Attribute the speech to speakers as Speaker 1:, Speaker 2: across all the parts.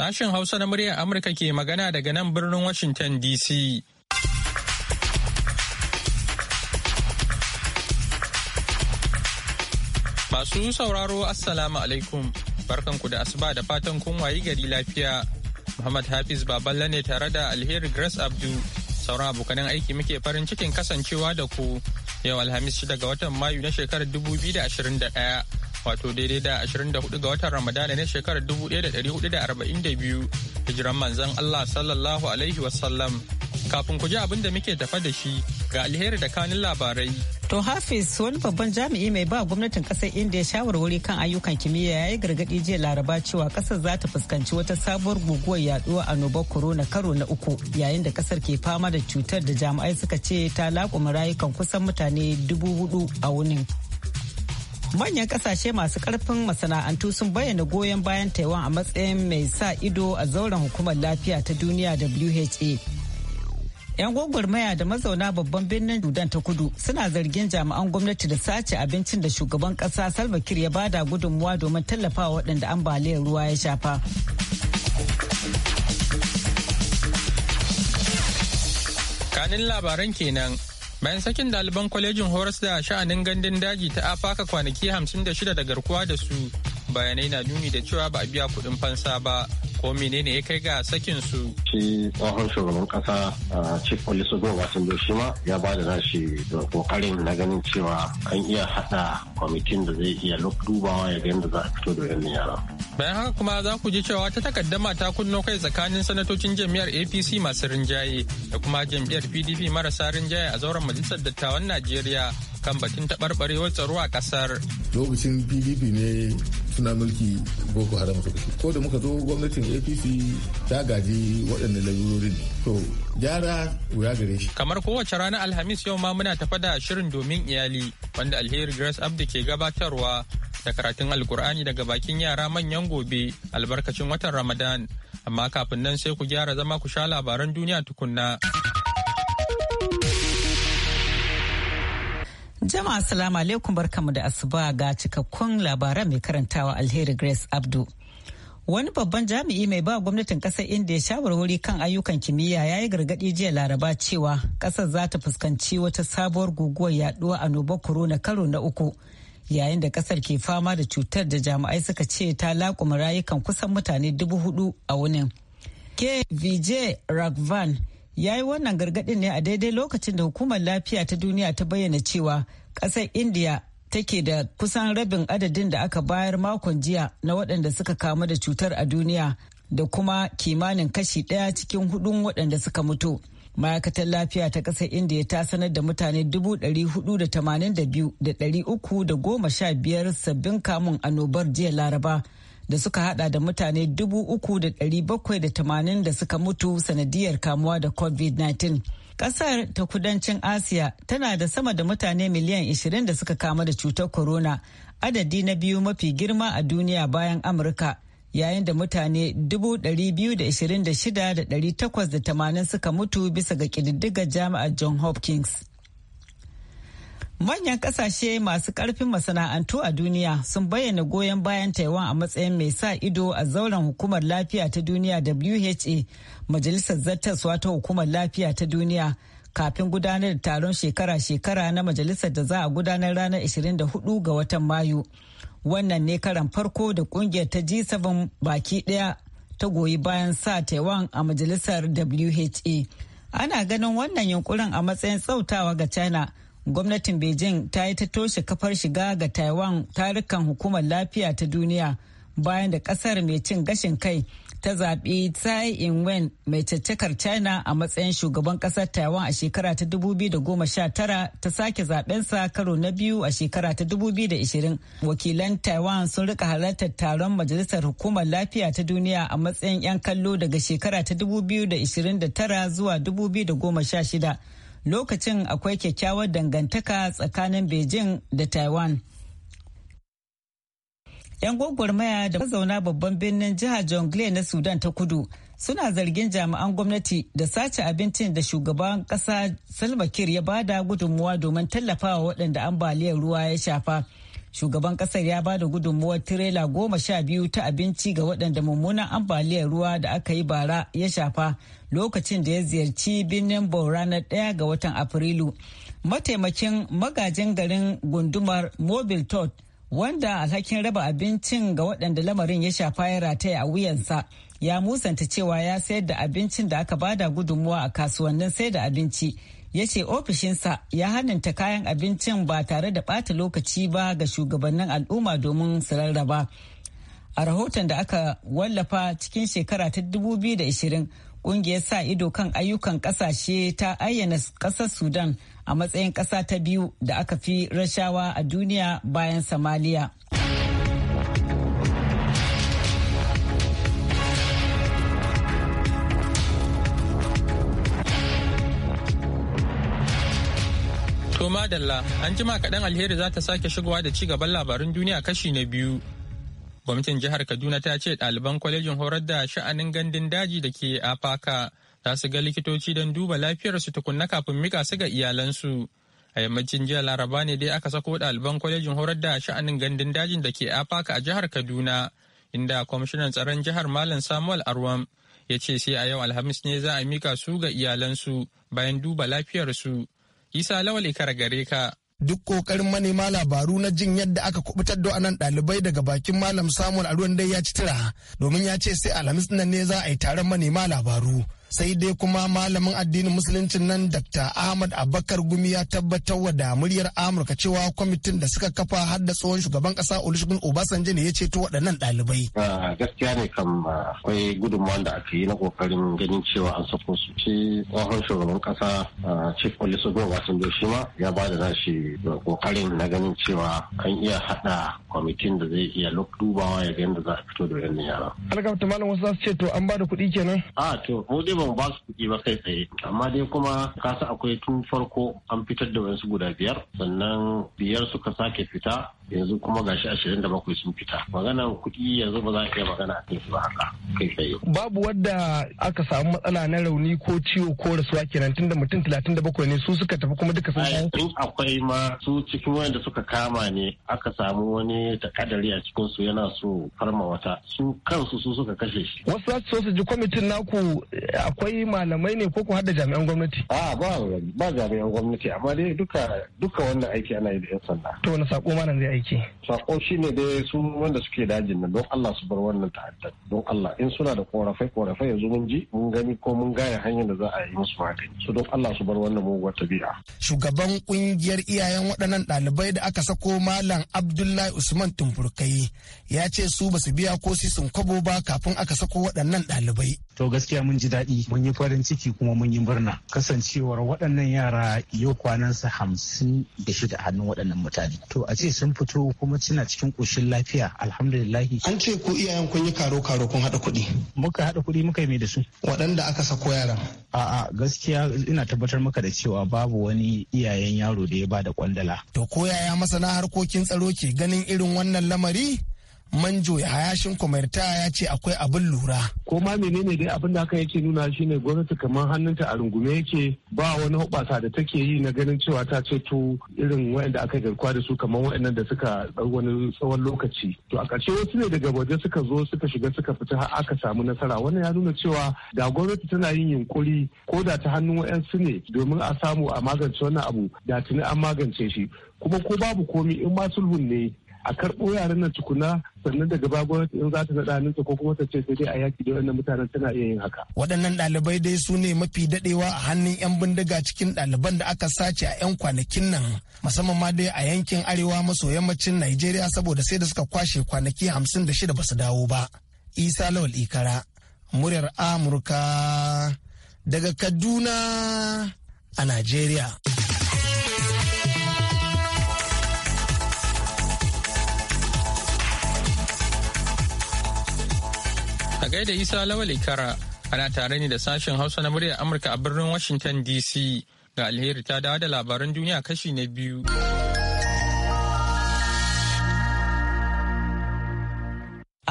Speaker 1: Sashen Hausa na muryar Amurka ke magana daga nan birnin Washington DC. Masu sauraro Assalamu alaikum. Barkanku da asuba da fatan kun wayi gari lafiya. Muhammad Hafiz Baballa ne tare da Alheri Grace Abdu. Sauran abokanan aiki muke farin cikin kasancewa da ku. Yau Alhamis shida ga watan Mayu na shekarar 2021. wato daidai da 24 ga watan ramadana na shekarar 1442 hijiran manzan Allah sallallahu alaihi wasallam kafin ku ji abin da muke tafa da shi ga alheri da kanin labarai.
Speaker 2: To Hafiz wani babban jami'i mai ba gwamnatin kasar India shawarwari kan ayyukan kimiyya ya yi gargaɗi jiya laraba cewa kasar za ta fuskanci wata sabuwar guguwar yaduwa annobar corona karo na uku yayin da kasar ke fama da cutar da jami'ai suka ce ta laƙuma rayukan kusan mutane dubu hudu a wunin. manyan kasashe masu karfin masana'antu sun bayyana goyon bayan taiwan a matsayin mai sa ido a zauren hukumar lafiya ta duniya wha 'yan gwagwarmaya da mazauna babban birnin dudan ta kudu suna zargin jami'an gwamnati da sace abincin da shugaban kasa salva kiir ya bada gudunmuwa domin tallafawa waɗanda ambaliyar ruwa ya shafa
Speaker 1: kanin labaran kenan bayan sakin ɗaliban kwalejin horas da sha'anin gandun daji ta afaka kwanaki 56 da garkuwa da su bayanai na nuni da cewa ba a biya kuɗin fansa ba ko menene ya kai ga sakin su shi
Speaker 3: tsohon shugaban kasa chief police ogo sun shi ma ya ba da nashi da kokarin na ganin cewa an iya hada kwamitin da zai iya dubawa ya ga yadda za a fito da wannan yara
Speaker 1: bayan haka kuma za ku ji cewa ta takaddama ta kunno kai tsakanin sanatocin jami'ar apc masu rinjaye da kuma jam'iyyar pdp marasa rinjaye a zauren majalisar dattawan najeriya kan batun taɓarɓarewar tsaro a ƙasar.
Speaker 4: Lokacin PDP ne suna mulki Boko Haram Ko da muka zo gwamnatin APC ta gaji waɗannan lalurorin. To, gyara wuya gare shi.
Speaker 1: Kamar kowace rana Alhamis yau ma muna tafa da shirin domin iyali wanda Alheri Grace Abdi ke gabatarwa da karatun Alkur'ani daga bakin yara manyan gobe albarkacin watan Ramadan. Amma kafin nan sai ku gyara zama ku sha labaran duniya tukunna.
Speaker 2: Jama'a salamu alaikum barkamu da asuba ga cikakkun labaran mai karantawa alheri Grace Abdu. Wani babban jami'i mai ba gwamnatin kasar India shawarwari kan ayyukan kimiyya ya yi gargaɗi jiya laraba cewa kasar za ta fuskanci wata sabuwar guguwar yaduwa nobar corona karo na uku yayin da ƙasar ke fama da cutar da jami'ai suka ce ta laƙuma rayukan kusan mutane dubu hudu a wunin. K. Vijay Raghavan ya yi wannan gargaɗin ne a daidai lokacin da hukumar lafiya ta duniya ta bayyana cewa ƙasar india take da kusan rabin adadin da aka bayar makon jiya na waɗanda suka kamu da cutar a duniya da kuma kimanin kashi ɗaya cikin hudun waɗanda suka mutu. ma'aikatar lafiya ta ƙasar indiya ta sanar da mutane 482,315 sabbin kamun annobar jiya laraba da suka hada da mutane 3,780 da suka mutu sanadiyar kamuwa da covid-19 kasar ta kudancin asiya tana da sama da mutane miliyan 20 da suka kamu da cutar corona adadi na biyu mafi girma a duniya bayan amurka yayin da mutane 226,880 suka mutu bisa ga ƙididdigar jami'ar john hopkins Manyan kasashe masu karfin masana'antu a duniya sun bayyana goyon bayan Taiwan a matsayin mai sa ido a zauren hukumar lafiya ta duniya WHA, Majalisar Zartaswa ta hukumar lafiya ta duniya, kafin gudanar da taron shekara-shekara na majalisar da za a gudanar ranar 24 ga watan Mayu. Wannan ne karan farko da kungiyar ta G7 baki ɗaya ta goyi bayan sa Taiwan a majalisar WHA. Ana ganin wannan yunkurin a matsayin tsautawa ga China. gwamnatin beijing ta yi ta toshe kafar shiga ga taiwan tarukan hukumar lafiya ta duniya bayan da kasar mai cin gashin kai ta zaɓi tsai Ing-wen mai caccakar China a matsayin shugaban ƙasar Taiwan a shekara ta 2019 ta sake zaɓensa karo na biyu a shekara ta 2020. Wakilan Taiwan sun rika halartar taron Majalisar Hukumar Lafiya ta Duniya a matsayin 'yan kallo daga shekara ta 2029 zuwa 2016. lokacin akwai kyakkyawar dangantaka tsakanin beijing da taiwan 'yan gwagwarmaya da mazauna babban birnin jihar jongle na sudan ta kudu suna zargin jami'an gwamnati da sace abincin da shugaban kasa Salma kiir ya bada gudunmuwa domin tallafawa waɗanda ambaliyar ruwa ya shafa shugaban kasar ya bada gudunmuwar tirela goma sha biyu ta abinci ga waɗanda mummunan ambaliyar ruwa da aka yi bara ya shafa lokacin da ya ziyarci birnin bau ranar ɗaya ga watan afrilu mataimakin magajin garin gundumar mobile tot wanda alhakin raba abincin ga waɗanda lamarin ya shafa ya rataya a wuyansa ya musanta cewa ya sayar da abincin da aka bada gudunmuwa a kasuwannin sayar da abinci ya ce ofishinsa ya hannunta kayan abincin ba tare da bata lokaci ba ga shugabannin al'umma domin su rarraba a rahoton da aka wallafa cikin shekara ta 2020 Ƙungiyar sa ido kan ayyukan ƙasashe ta ayyana ƙasar Sudan a matsayin ƙasa ta biyu da aka fi rashawa a duniya bayan samaliya.
Speaker 1: To madalla, an jima kaɗan alheri za ta sake shigowa da ci gaban labarin duniya kashi na biyu. Gwamnatin jihar Kaduna ta ce ɗaliban kwalejin horar da sha'anin gandun daji da ke Afaka za su ga likitoci don duba lafiyarsu tukunna kafin mika su ga iyalansu. A yammacin jiya Laraba ne dai aka sako ɗaliban kwalejin horar da sha'anin gandun dajin da ke Afaka a jihar Kaduna, inda kwamishinan tsaron jihar Malam Samuel Arwam ya ce sai a yau Alhamis ne za a mika su ga iyalansu bayan duba lafiyarsu. Isa Lawal Ikara gare ka. duk
Speaker 5: kokarin manema labaru na jin yadda aka kubutar da anan ɗalibai daga bakin malam samun a dai ya ci tira domin ya ce sai alhamis nan ne za a yi taron manema labaru sai dai kuma malamin addinin musuluncin nan dr ahmad abakar gumi ya tabbatar wa da muryar amurka cewa kwamitin da suka kafa har da tsohon shugaban kasa olusegun obasanjo ne ya ceto waɗannan ɗalibai.
Speaker 3: gaskiya ne kan akwai gudunmawar da aka yi na kokarin ganin cewa an sako su ci tsohon shugaban kasa chief olusegun obasanjo shi ma ya ba da nashi kokarin na ganin cewa an iya haɗa kwamitin da zai iya dubawa ya ga yadda za a fito da wannan yara.
Speaker 5: alkamta malam wasu za su ce to an ba da kuɗi kenan.
Speaker 3: a to mu dai ba ba su kuɗi ba kai tsaye amma dai kuma kasa akwai tun farko an fitar da wasu guda biyar sannan biyar suka sake fita yanzu kuma gashi ashirin da bakwai sun fita magana kuɗi yanzu ba za a iya magana a kai ba haka kai tsaye.
Speaker 5: babu wadda aka samu matsala na rauni ko ciwo ko rasuwa kenan tunda mutum talatin da bakwai ne su suka tafi kuma duka sun kawo.
Speaker 3: in akwai ma su cikin wanda suka kama ne aka samu wani takadari a cikin su yana so farma wata su kansu su suka kashe shi.
Speaker 5: wasu za su so su ji kwamitin naku akwai malamai ne ko
Speaker 3: ku hada jami'an gwamnati. a ba ba jami'an gwamnati amma dai duka duka wannan aiki ana yi da yan sanda.
Speaker 5: to wani sako ma nan zai aiki. yake
Speaker 3: sako shi ne dai su wanda suke dajin nan don Allah su bar wannan ta'addar don Allah in suna da korafai korafai yanzu mun ji mun gani ko mun gaya hanyar da za a yi musu magani su don Allah su bar wannan muguwar tabi'a
Speaker 5: shugaban kungiyar iyayen waɗannan ɗalibai da aka sako malam Abdullahi Usman Tumfurkai ya ce su ba su biya ko sisin kwabo ba kafin aka sako waɗannan ɗalibai to gaskiya mun ji daɗi mun yi farin ciki kuma mun yi murna kasancewar waɗannan yara yau kwanansa hamsin da shida hannun waɗannan mutane to a ce sun fito fito kuma suna cikin ƙoshin lafiya alhamdulillahi. An ce ku iyayen kun yi karo karo kun haɗa kuɗi. Muka haɗa kuɗi muka yi mai da su. Waɗanda aka sako yaran. A'a gaskiya ina tabbatar maka da cewa babu wani iyayen yaro da ya bada kwandala. To ko yaya masana harkokin tsaro ke ganin irin wannan lamari? manjo ya hayashin kwamarta ya ce akwai abin lura. ko ma menene dai abin da haka yake nuna shine gwamnati kamar hannunta
Speaker 4: a rungume yake ba wani hubasa da take yi na ganin cewa ta ceto irin waɗanda aka garkuwa da su kamar waɗannan da suka dau wani tsawon lokaci to a ƙarshe wasu ne daga waje suka zo suka shiga suka fita har aka samu nasara wannan ya nuna cewa da gwamnati tana yin yunkuri ko da ta hannun waɗansu ne domin a samu a magance wannan abu da tuni an magance shi kuma ko babu komi in ma sulhun ne a karɓo yaran nan tukuna sannan daga ba gwamnati in za ta
Speaker 5: naɗa ninsa ko kuma ta ce sai dai a yaki da wannan mutanen tana iya yin haka. Waɗannan ɗalibai dai su ne mafi daɗewa a hannun 'yan bindiga cikin ɗaliban da aka sace a 'yan kwanakin nan musamman ma dai a yankin arewa maso yammacin Najeriya saboda sai da suka kwashe kwanaki hamsin da shida ba su dawo ba. Isa Lawal Ikara, muryar Amurka daga Kaduna a Najeriya.
Speaker 1: gaida Isa lawale kara ana tare ni da sashen Hausa na muryar Amurka a birnin Washington DC ga alheri ta dawo da labaran duniya kashi na biyu.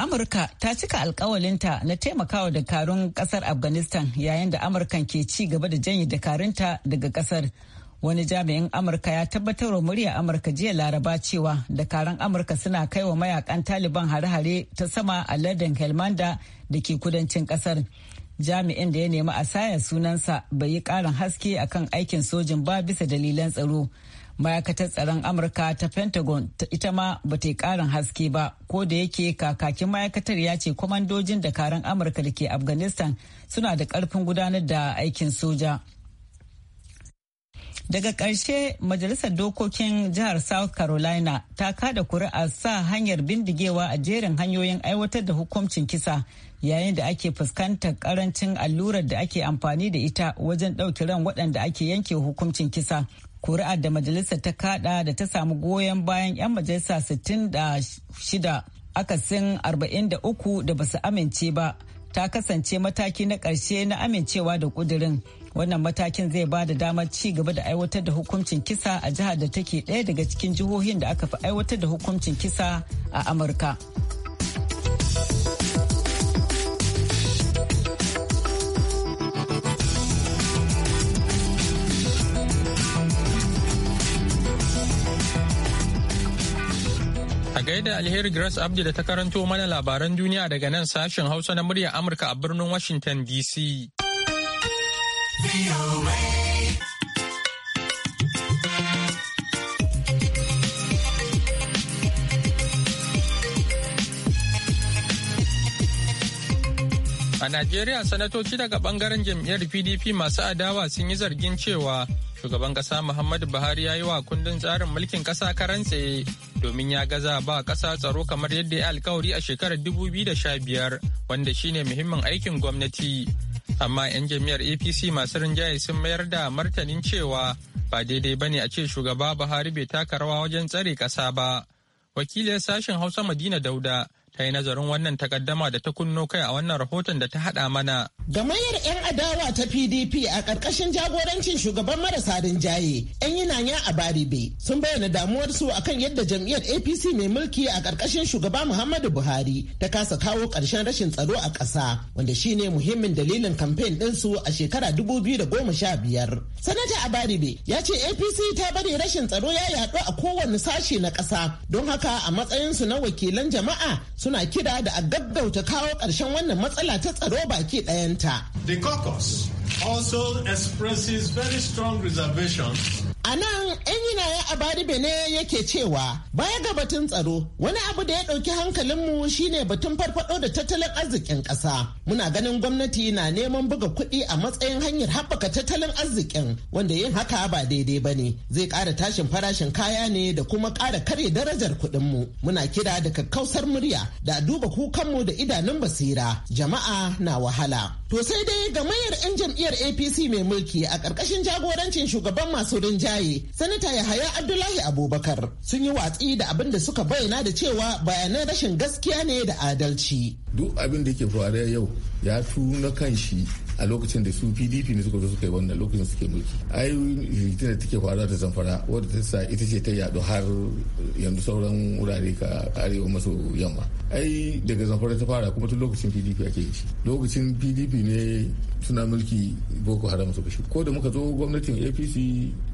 Speaker 2: Amurka ta cika alkawalinta na taimakawa dakarun kasar Afghanistan yayin da Amurkan ke ci gaba da janye dakarunta daga kasar. wani jami'in amurka ya tabbatar wa murya amurka jiya laraba cewa dakaran amurka suna kai wa mayakan taliban hare-hare ta sama a lardin helmanda da ke kudancin kasar jami'in da ya nemi a saya sunansa bai yi karin haske akan aikin sojin ba bisa dalilan tsaro ma'aikatar tsaron amurka ta pentagon ita ma ba ta yi karin haske ba ko da yake kakakin ma'aikatar ya ce kwamandojin dakaran amurka da ke afghanistan suna da karfin gudanar da aikin soja. Daga ƙarshe Majalisar Dokokin Jihar South Carolina ta kada kuri'a sa hanyar bindigewa a jerin hanyoyin aiwatar da hukuncin kisa yayin da ake fuskantar karancin allurar da ake amfani da ita wajen ɗauki ran waɗanda ake yanke hukuncin kisa. kuri'a da majalisa ta kada da ta samu goyon bayan 'yan majalisa 66 akasin 43 da basu amince ba ta kasance mataki na ƙarshe na amincewa da ƙudurin. wannan matakin zai ba da damar ci gaba da aiwatar da hukuncin kisa a jihar da take ɗaya daga cikin jihohin da aka fi aiwatar da hukuncin kisa a amurka
Speaker 1: A gaida alheri Grace Abdi da ta karanto mana labaran duniya daga nan sashen Hausa na muryar Amurka a birnin Washington DC. A Najeriya sanatoci daga bangaren jam'iyyar PDP masu adawa sun yi zargin cewa shugaban kasa Muhammadu Buhari ya yi wa kundin tsarin mulkin kasa karan domin ya gaza ba kasa tsaro kamar yadda ya alkawari a shekarar 2015 wanda shine muhimmin aikin gwamnati. amma 'yan jami'ar apc masu rinjaye sun mayar da martanin cewa ba daidai bane a ce shugaba buhari bai taka rawa wajen tsare ƙasa ba wakilin sashen hausa madina dauda ta yi nazarin wannan takaddama da ta kunno kai a wannan rahoton da ta hada mana.
Speaker 6: Gamayar 'yan adawa ta PDP a ƙarƙashin jagorancin shugaban marasa rinjaye 'yan yinaya a Baribe sun bayyana damuwarsu akan yadda jam'iyyar APC mai mulki a ƙarƙashin shugaba Muhammadu Buhari ta kasa kawo ƙarshen rashin tsaro a ƙasa wanda shine muhimmin dalilin kamfen ɗinsu a shekara 2015. Sanata a Baribe ya ce APC ta bari rashin tsaro ya yaɗu a kowane sashe na ƙasa don haka a matsayinsu na wakilan jama'a suna kira da a gaggauta kawo ƙarshen wannan matsala ta tsaro baki ɗayanta.
Speaker 1: The caucus also
Speaker 7: expresses very strong reservations
Speaker 6: A nan, ‘yan yinayen abadi bene yake cewa baya ga batun tsaro wani abu da ya ɗauki hankalinmu shine batun farfado da tattalin arzikin ƙasa. Muna ganin gwamnati na neman buga kuɗi a matsayin hanyar haɓaka tattalin arzikin wanda yin haka ba daidai ba ne. Zai ƙara tashin farashin kaya ne da kuma ƙara karya darajar kuɗinmu. Muna kira da kakkausar murya da duba kukanmu da idanun basira. Jama'a na wahala. To sai dai ga mayar 'yan jam'iyyar apc mai mulki a ƙarƙashin jagorancin shugaban masu rinjaye sanata yahaya abdullahi abubakar sun yi watsi da abin da suka bayyana da cewa bayanan rashin gaskiya ne da adalci duk abin da yake faruwa yau ya tuna kan shi a lokacin da su pdp ne suka zo suka
Speaker 4: yi wannan lokacin suke mulki ai rikita da take faruwa da zamfara wadda ta sa ita ce ta yadu har yanzu sauran wurare ka arewa maso yamma ai daga zamfara ta fara kuma tun lokacin pdp ake yi lokacin pdp ne suna mulki boko haram su shi ko da muka zo gwamnatin apc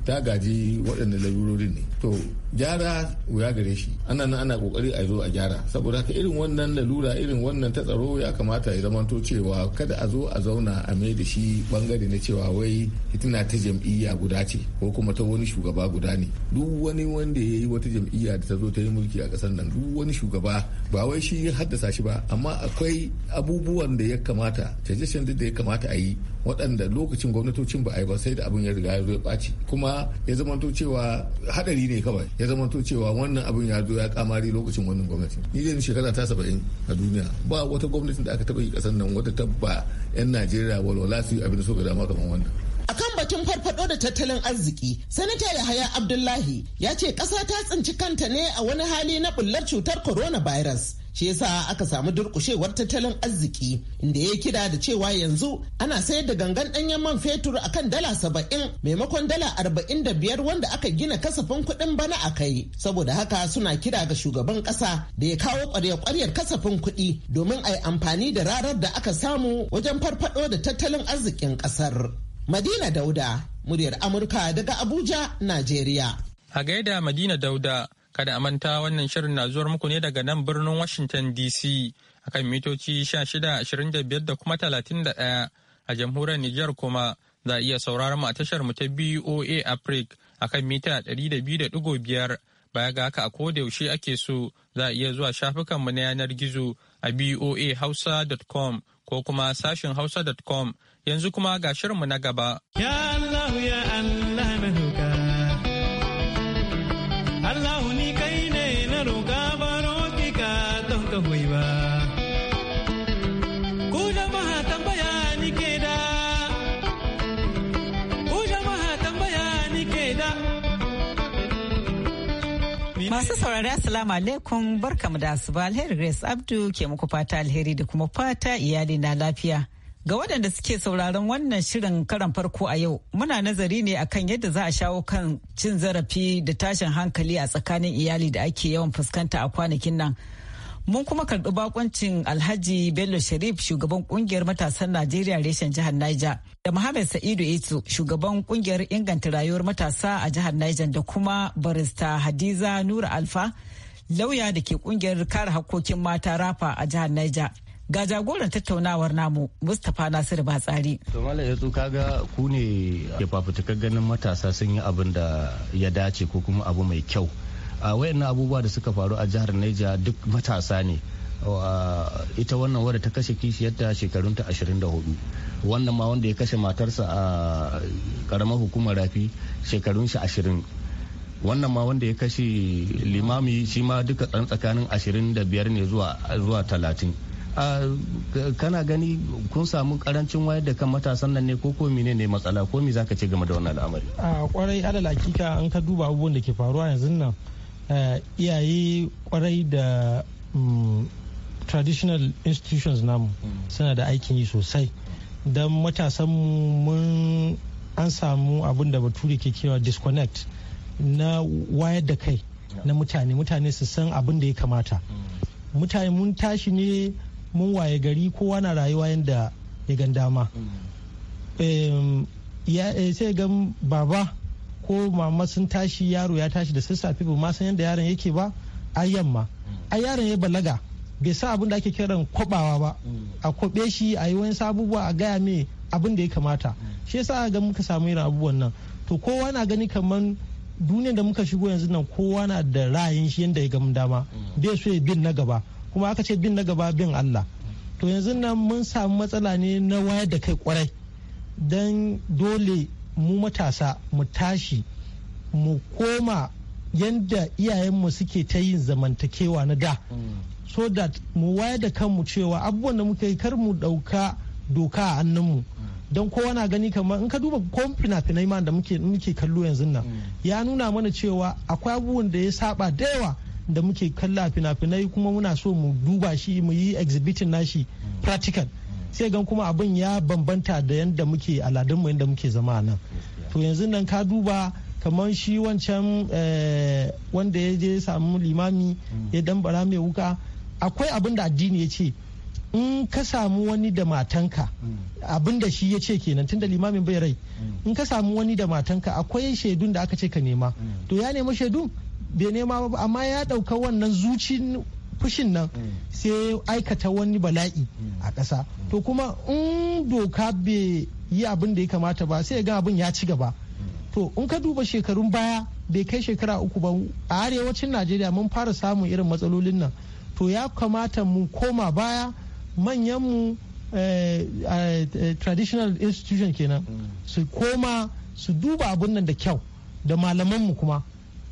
Speaker 4: ta gaji waɗanda lalurorin ne to gyara wuya gare shi ana nan ana kokari a zo a gyara saboda haka irin wannan lalura irin wannan ta tsaro ya kamata ya zamanto cewa kada a zo a zauna a mai da shi bangare na cewa wai hitina ta jam'iyya guda ce ko kuma ta wani shugaba guda ne duk wani wanda ya yi wata jam'iyya da ta zo ta yi mulki a ƙasar nan duk wani shugaba ba wai shi ya haddasa shi ba amma akwai abubuwan da ya kamata canje-canje da ya kamata a yi waɗanda lokacin gwamnatocin ba a yi ba sai da abin ya riga ya zo ya ɓaci kuma ya zama to cewa hadari ne kawai ya zama to cewa wannan abin ya zo ya kamari lokacin wannan gwamnati ni dai shekara ta 70 a duniya ba wata gwamnati da aka taba yi kasan nan wata tabba yan najeriya walwala su abin da so ga dama kamar wannan
Speaker 6: akan batun farfado da tattalin arziki sanata yahaya abdullahi ya ce ƙasa ta tsinci kanta ne a wani hali na bullar cutar coronavirus shi yasa aka samu durkushewar tattalin arziki inda ya kira da cewa yanzu ana sayar da gangan ɗanyen man fetur akan dala saba'in maimakon dala arba'in da biyar wanda aka gina kasafin kuɗin bana a kai saboda haka suna kira ga shugaban ƙasa da ya kawo ƙwarya-ƙwaryar kasafin kuɗi domin a yi amfani da rarar da aka samu wajen farfaɗo da tattalin arzikin ƙasar. Madina Dauda, muryar Amurka daga Abuja, Najeriya.
Speaker 1: A gaida Madina Dauda, Kada a manta wannan shirin na zuwar muku ne daga nan birnin Washington DC akan mitoci 1625 da kuma 31 a jamhuriyar Nijar kuma za a iya sauraron mu a tashar mu ta BOA Africa akan mita 200.5 baya ga haka a koda yaushe ake so za a iya zuwa shafukan mu na yanar gizo a boahausa.com ko kuma sashin hausa.com yanzu kuma ga mu na gaba.
Speaker 2: Masu saurari Assalamu alaikum barkamu da asuba alheri Grace Abdu ke muku fata alheri da kuma fata iyali na lafiya. Ga waɗanda suke sauraron wannan shirin karan farko a yau, muna nazari ne akan yadda za a shawo kan cin zarafi da tashin hankali a tsakanin iyali da ake yawan fuskanta a kwanakin nan. Mun kuma karɓi bakoncin Alhaji Bello Sharif shugaban kungiyar matasan Najeriya reshen jihar Niger da Muhammad Sa'idu Itu shugaban kungiyar inganta rayuwar matasa a jihar Niger da kuma barista Hadiza Nura Alfa lauya da ke kungiyar kare hakkokin mata rafa a jihar Niger. Ga jagoran tattaunawar namu Mustapha Nasiru Batsari.
Speaker 8: Tumala ya tsuka ga ku ne ke fafutuka ganin matasa sun yi abin da ya dace ko kuma abu mai kyau. wayannan abubuwa da suka faru a jihar Niger duk matasa ne ita wannan wadda ta kashe kishiyarta shekarunta 24 wannan ma wanda ya kashe matarsa a karamar hukumar rafi shekarun shi 20 wannan ma wanda ya kashe limami shi ma duka dan tsakanin 25 ne zuwa 30 kana gani kun samu karancin wayar da kan matasan nan ne ko ko mine ne matsala ko mi zaka ce game da wannan al'amari
Speaker 7: a kwarai alal hakika an ka duba abubuwan da ke faruwa yanzu nan Eh, iyaye kwarai da mm, traditional institutions namu mm. suna da aikin yi sosai don matasan mun an samu abin da bature ke kewa disconnect na wayar da kai na mutane mutane su san abin da ya kamata mm. mutane mun tashi ne mun waye gari kowa na rayuwa yadda ya gan dama eh, sai gan baba ko mama sun tashi yaro ya tashi da sassafe ba ma san yadda yaron yake ba a yamma a yaron ya balaga bai sa abin da ake kiran kwabawa ba a kwabe shi a yi wani abubuwa a gaya mai abin da ya kamata shi yasa ga muka samu irin abubuwan nan to kowa na gani kamar duniya da muka shigo yanzu nan kowa na da ra'ayin shi yadda ya gamu dama bai so ya bin na gaba kuma aka ce bin na gaba bin Allah to yanzu nan mun samu matsala ne na wayar da kai kwarai don dole mu matasa mu tashi mu koma yadda iyayenmu suke ta yin zamantakewa na da so that mu wayar da kanmu cewa abubuwan da muka yi kar mu dauka doka a annanmu don kowa na gani kamar in ka duba ko fina-finai ma da muke kallo yanzu nan mm. ya nuna mana cewa akwai abubuwan da ya saba da yawa da muke kalla fina-finai kuma muna so mu duba shi mu yi exhibiting nashi mm. practical sai gan kuma abin ya bambanta da yadda muke aladunmu yadda muke zama nan to yanzu nan ka duba kamar shi wancan eh, wanda ya je samu limami ya dambara mai wuka akwai abin da addini ya ce in ka samu wani da matanka abin da shi ya ce kenan tunda limamin bai rai in ka samu wani da matanka akwai shaidun da aka ce ka nema to ya nema shaidun bai nema ba amma ya ɗauka wannan zuci fushin nan mm. sai aikata wani bala'i mm. a ƙasa mm. to kuma in doka bai yi abin da ya kamata ba sai ga abin ya ci gaba to in ka duba shekarun baya bai kai shekara uku ba a arewacin najeriya mun fara samun irin matsalolin nan to ya kamata mu koma baya manyan mu eh, eh, traditional institution kenan su koma su duba abin nan da kyau da malaman mu kuma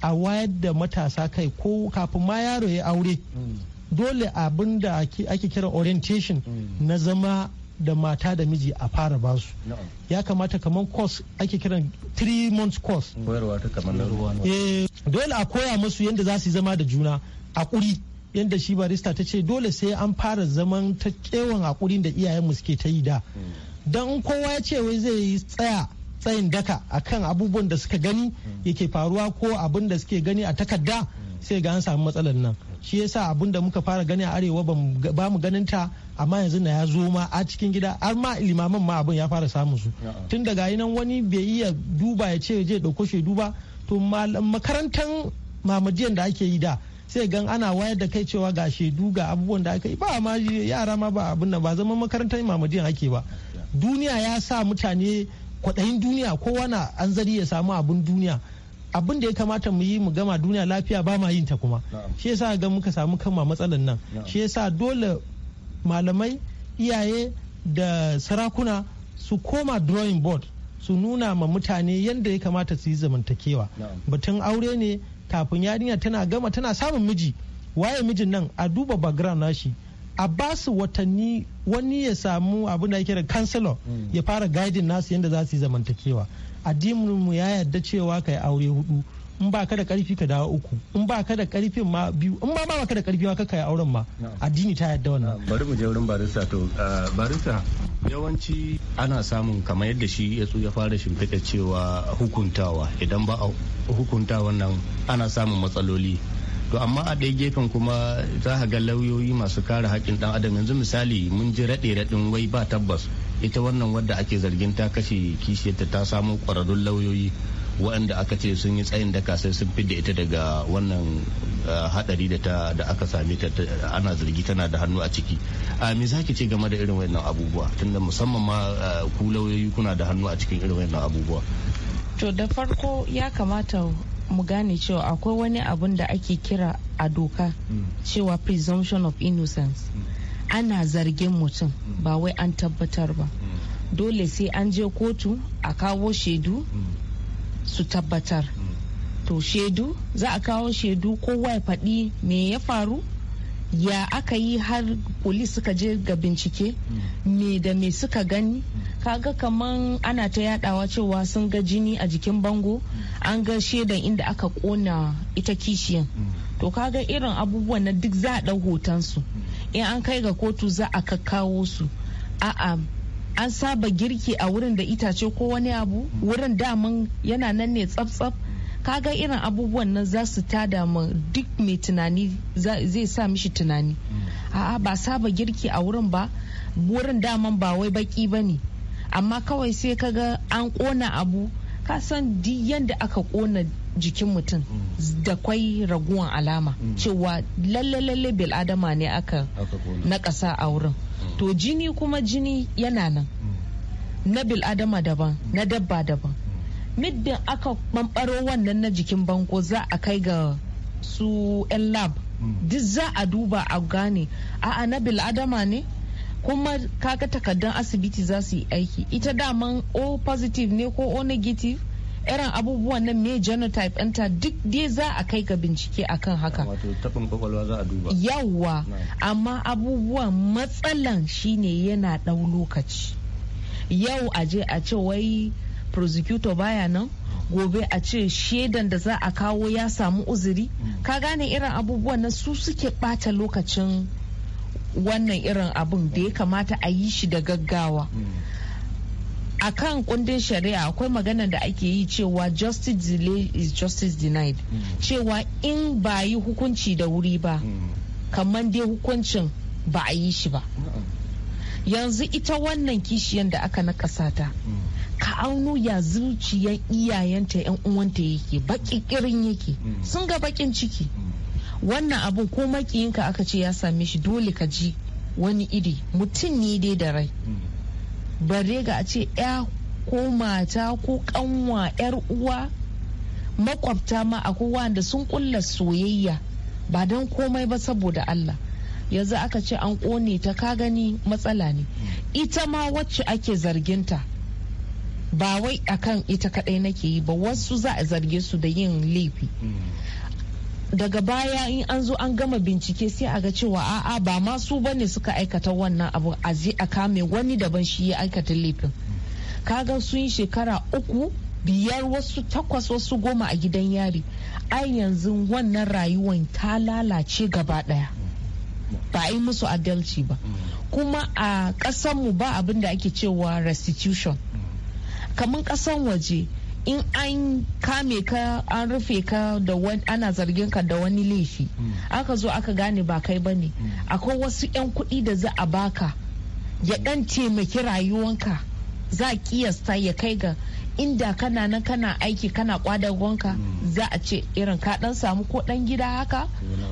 Speaker 7: a wayar da matasa kai ko kafin ma yaro ya aure mm. dole abin da ake kira orientation mm. na zama da mata da miji a fara basu ya kamata kamar course ake kiran 3 months course mm. koyarwa ta kamar na ruwa eh, dole a koya masu yadda za su zama da juna a kuri yadda shi barista ta ce dole sai an fara zaman ta kewan a hakurin da iyayen suke ta yi da don kowa ya ce wai zai tsaya tsayin daka a kan abubuwan da suka gani yake faruwa ko abin da suke gani a takarda sai ga an samu matsalar nan shi yasa abin da muka fara gani a arewa ba mu ganin ta amma yanzu na ya zo ma a cikin gida har ma limaman ma abin ya fara samun su tun daga nan wani bai iya duba ya ce je dauko shaidu ba to makarantar mamadiyan da ake yi da sai gan ana wayar da kai cewa ga shaidu ga abubuwan da aka yi ba ma yara ma ba abin ba zaman makarantar mamadiyan ake ba duniya ya sa mutane kwaɗayin duniya kowa na an zari ya samu abin duniya abin da ya kamata mu yi mu gama duniya lafiya ba ma yin ta kuma shi yasa ga muka samu kama matsalan nan shi yasa dole malamai iyaye da sarakuna su koma drawing board su nuna ma mutane yadda ya kamata su yi zamantakewa batun aure ne kafin yarinya tana gama tana samun miji waye mijin nan a duba background nashi a ba su watanni wani ya samu abin da kira kansilo mm. ya fara gaidin nasu yadda za su yi zamantakewa addininmu ya yarda cewa ka yi aure hudu in ba ka da karfi ka dawo uku in ba ka da karfin ma biyu in ba ba ka da karfi ma ka kai auren ma addini ta yarda wannan
Speaker 8: bari mu je wurin barista to uh, barista yawanci ana samun kamar yadda shi ya ya fara shimfiɗa cewa hukuntawa idan ba a hukunta wannan ana samun matsaloli to amma a ɗaya gefen kuma za ka ga lauyoyi masu kare haƙƙin ɗan adam yanzu misali mun ji raɗe raɗin wai ba tabbas ita wannan wadda ake zargin ta kashe kishiyarta ta samo ƙwararrun lauyoyi waɗanda aka ce sun yi tsayin daka sai sun da ita daga wannan eh, haɗari da ta da aka same ta ana zargi tana da hannu a ciki a ah, me zaki ce game da irin wannan abubuwa tunda musamman ma eh, ku lauyoyi kuna da hannu a cikin irin wannan abubuwa
Speaker 9: to da farko ya kamata mu gane cewa akwai wani abun da ake kira a doka mm. cewa presumption of innocence mm. ana zargin mutum mm. ba wai an tabbatar ba dole sai an je kotu a kawo shaidu su tabbatar to shaidu za a kawo shaidu kowa ya faɗi me ya faru ya aka yi har polis suka je ga bincike me da me suka gani kaga kaman ana ta yadawa cewa sun ga jini a jikin bango an ga shaidan inda aka kona ita kishiyan to kaga irin abubuwan na duk za a dau hoton su in an kai ga kotu za a kakkawo su a'a an saba girki a wurin da itace ko wani abu wurin daman yana nan ne tsaf-tsaf kaga irin abubuwan nan za su ta dama duk mai tunani zai sa mishi tunani a'a ba saba girki a wurin ba wurin daman ba wai baki ba ne amma kawai sai ka ga an kona abu ka san duk yadda aka kona jikin mutum mm. da kwai raguwan alama mm. cewa lalle lalle bil'adama adama ne aka nakasa a wurin mm. to jini kuma jini yana nan na bil daban na dabba daban middin aka ɓamɓaro wannan na jikin bango za a kai ga su 'yan lab duk za a duba a gane a'a na bil'adama ne kuma kaga takardun asibiti za su yi aiki ita daman o positive ne ko o negative irin abubuwan nan me genotype ɗinta duk dai za a kai ga bincike akan haka yawwa amma abubuwan matsalan shine yana ɗau lokaci yau a je a ce wai prosecutor baya nan gobe a ce shaidan da za a kawo ya samu uzuri mm. ka gane irin abubuwan nan su suke ɓata lokacin wannan irin abun da ya kamata a yi shi da gaggawa a kan kundin shari'a akwai magana da ake yi cewa justice delay is justice denied cewa in ba yi hukunci da wuri ba kamar dai hukuncin ba a yi shi ba yanzu ita wannan kishiyan da aka nakasa ta ka auno ya zuciyan iyayenta yan uwanta yake baki kirin yake sun ga bakin ciki wannan abun ko makiyinka aka ce ya same shi dole ka ji wani iri mutum ne dai da rai bare ga a ce ya ko mata ko kanwa yar uwa makwabta ma a kowa wanda sun kulla soyayya ba don komai ba saboda Allah yanzu aka ce an kone ta ka gani matsala ne ita ma wacce ake zarginta ba wai akan ita kadai nake yi ba wasu za a zarge su da yin laifi daga baya in an zo an gama bincike sai a ga cewa a'a ba ma su bane suka aikata wannan abu a je a kame wani daban shi ya aikata laifin kaga sun yi shekara uku biyar wasu takwas wasu goma a gidan yari ai yanzu wannan rayuwan ta lalace gaba daya ba a yi musu adalci ba kuma a kasanmu ba abin da ake cewa restitution kamar kasan waje in an kame ka an rufe ka da ana zargin ka da wani laifi mm. aka zo aka gane ba kai ba bane mm. akwai wasu 'yan kuɗi da za a baka ya ɗan taimaki rayuwanka za a kiyasta ya kai ga inda kana nan kana aiki kana kwadagonka mm. za a ce irin ka ɗan samu ko ɗan gida haka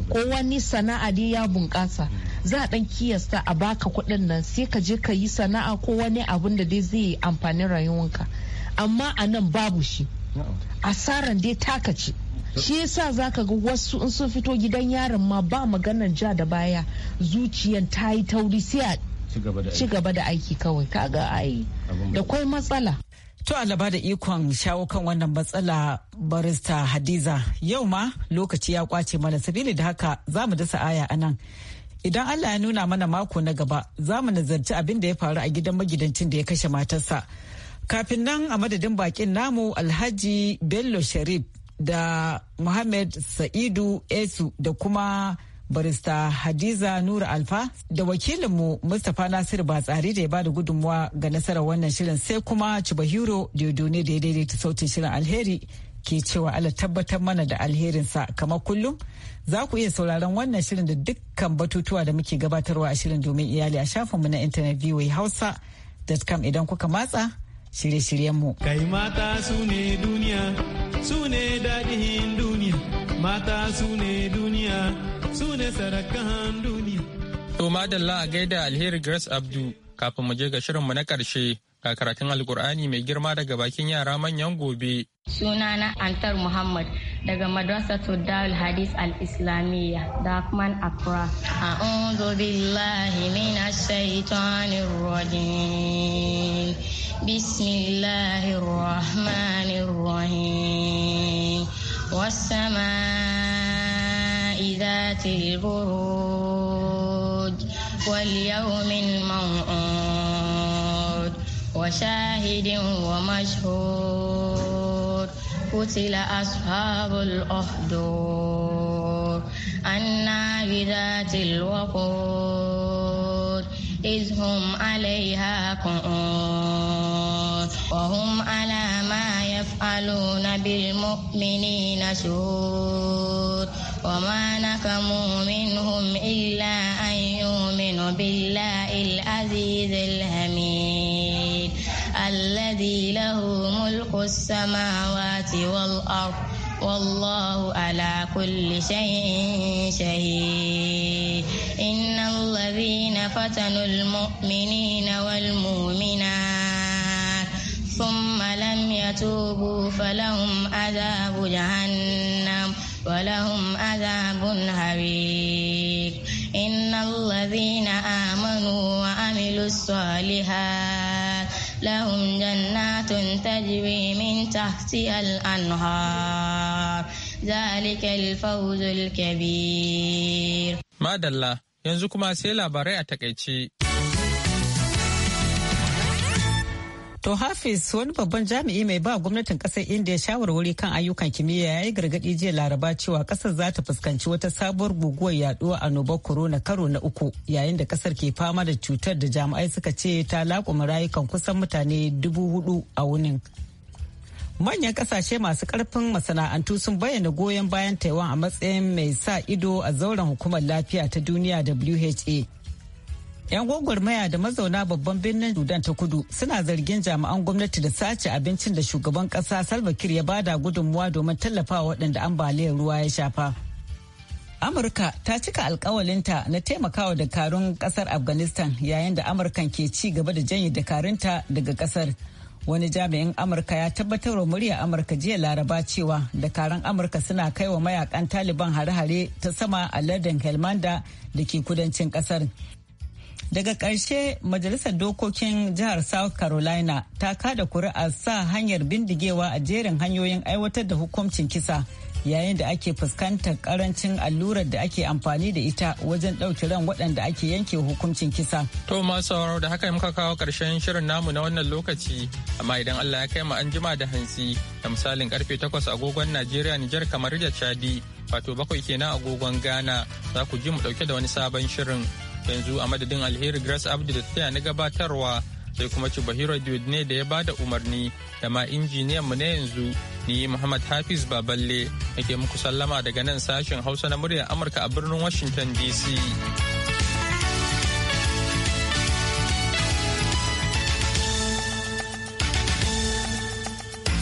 Speaker 9: ko wani sana'a dai ya bunƙasa za a dan kiyasta a baka kuɗin nan sai ka je ka yi sana'a ko wani abun da dai zai amfani rayuwanka amma a nan babu shi asaran dai taka ce shi yasa ka ga wasu in sun fito gidan yaron ma ba maganar ja da baya zuciyan ta yi tauri sai a ci gaba da aiki kawai ga ai da kwai matsala
Speaker 2: To alaba da ikon shawo kan wannan matsala barista Hadiza yau ma lokaci ya kwace mana sabili da haka za mu dasa aya a nan. Idan Allah ya nuna mana mako na gaba, za mu nazarci abin da ya faru a gidan magidancin da ya kashe matarsa. Kafin nan a madadin bakin namu Alhaji Bello Sharif da Muhammad Sa'idu Esu da kuma barista Hadiza Nura Alfa da wakilinmu Mustapha Nasiru tsari da ya ba da gudunmuwa ga nasarar wannan shirin sai kuma Chibahiro Diodone da ya daidaita sautin shirin alheri. ke cewa Allah tabbatar mana da alherinsa kamar kullum za ku iya sauraron wannan shirin da dukkan batutuwa da muke gabatarwa a shirin domin iyali a shafinmu na intanet hausa.com idan kuka matsa shirye-shiryenmu. Kai
Speaker 7: mata su ne duniya, su ne daɗin duniya, mata su ne duniya, su ne sarakan duniya.
Speaker 1: To madalla a gaida alheri Grace Abdu kafin mu je ga shirinmu na ƙarshe ga karatun Alƙur'ani mai girma daga bakin yara manyan gobe.
Speaker 10: Sunana Antar Muhammad daga Madrasatul Darul Hadis Al-Islamiyya, Dakman Accra. A'udhu billahi minash shaitanir rajim. Bismillahir rahmanir rahim. was-samaa'i dhatil buruj wal yawmin maw'ud wa shahidin wa mashhud قتل أصحاب الأخدود النار ذات الوقود إذ هم عليها قعود وهم على ما يفعلون بالمؤمنين شهود وما نكموا منهم إلا أن يؤمنوا بالله العزيز الحميد الذي له ملك السماوات والأرض والله على كل شيء شهيد إن الذين فتنوا المؤمنين والمؤمنات ثم لم يتوبوا فلهم عذاب جهنم ولهم عذاب هريق إن الذين آمنوا وعملوا الصالحات لهم جنات تجري من تحتها الأنهار ذلك الفوز الكبير
Speaker 1: ما دلّا yanzu kuma sai labarai a takaice.
Speaker 2: To Hafiz wani babban jami'i mai ba gwamnatin kasar India shawarwari kan ayyukan kimiyya ya yi gargadi jiya laraba cewa kasar za ta fuskanci wata sabuwar guguwar yaduwa annobar corona karo na uku yayin da kasar ke fama da cutar da jami'ai suka ce ta laƙuma rayukan kusan mutane dubu hudu a wunin. manyan kasashe masu karfin masana'antu sun bayyana goyon bayan taiwan a matsayin mai sa ido a zauren hukumar lafiya ta duniya wha 'Yan gwagwarmaya da mazauna babban birnin Sudan ta kudu suna zargin jami'an gwamnati da sace abincin da shugaban kasa Salva Kiir ya bada gudunmuwa domin tallafawa waɗanda ambaliyar ruwa ya shafa. Amurka ta cika alkawalinta na taimakawa dakarun kasar Afghanistan yayin da Amurkan ke ci gaba da janye dakarunta daga kasar. Wani jami'in Amurka ya tabbatar wa murya Amurka jiya laraba cewa dakaran Amurka suna kai wa mayakan Taliban hare-hare ta sama a lardin Helmanda da ke kudancin kasar. daga ƙarshe majalisar dokokin jihar south carolina ta kada kuri'a sa hanyar bindigewa a jerin hanyoyin aiwatar da hukuncin kisa yayin da ake fuskantar karancin allurar da ake amfani da ita wajen ɗauki ran waɗanda ake yanke hukuncin kisa.
Speaker 1: To masu sauraro da haka muka kawo ƙarshen shirin namu na wannan lokaci, amma idan Allah ya kai mu an jima da hansi da misalin karfe takwas agogon Najeriya Nijar kamar da Chadi, wato bakwai kenan agogon Ghana za ku ji mu ɗauke da wani sabon shirin. yanzu a madadin alheri grace abdu da taya na gabatarwa sai kuma Chubahiro ne da ya ba da umarni da ma injiniyan mu na yanzu ni Muhammad Hafiz Baballe nake muku sallama daga nan sashen Hausa na muryar Amurka a birnin Washington DC.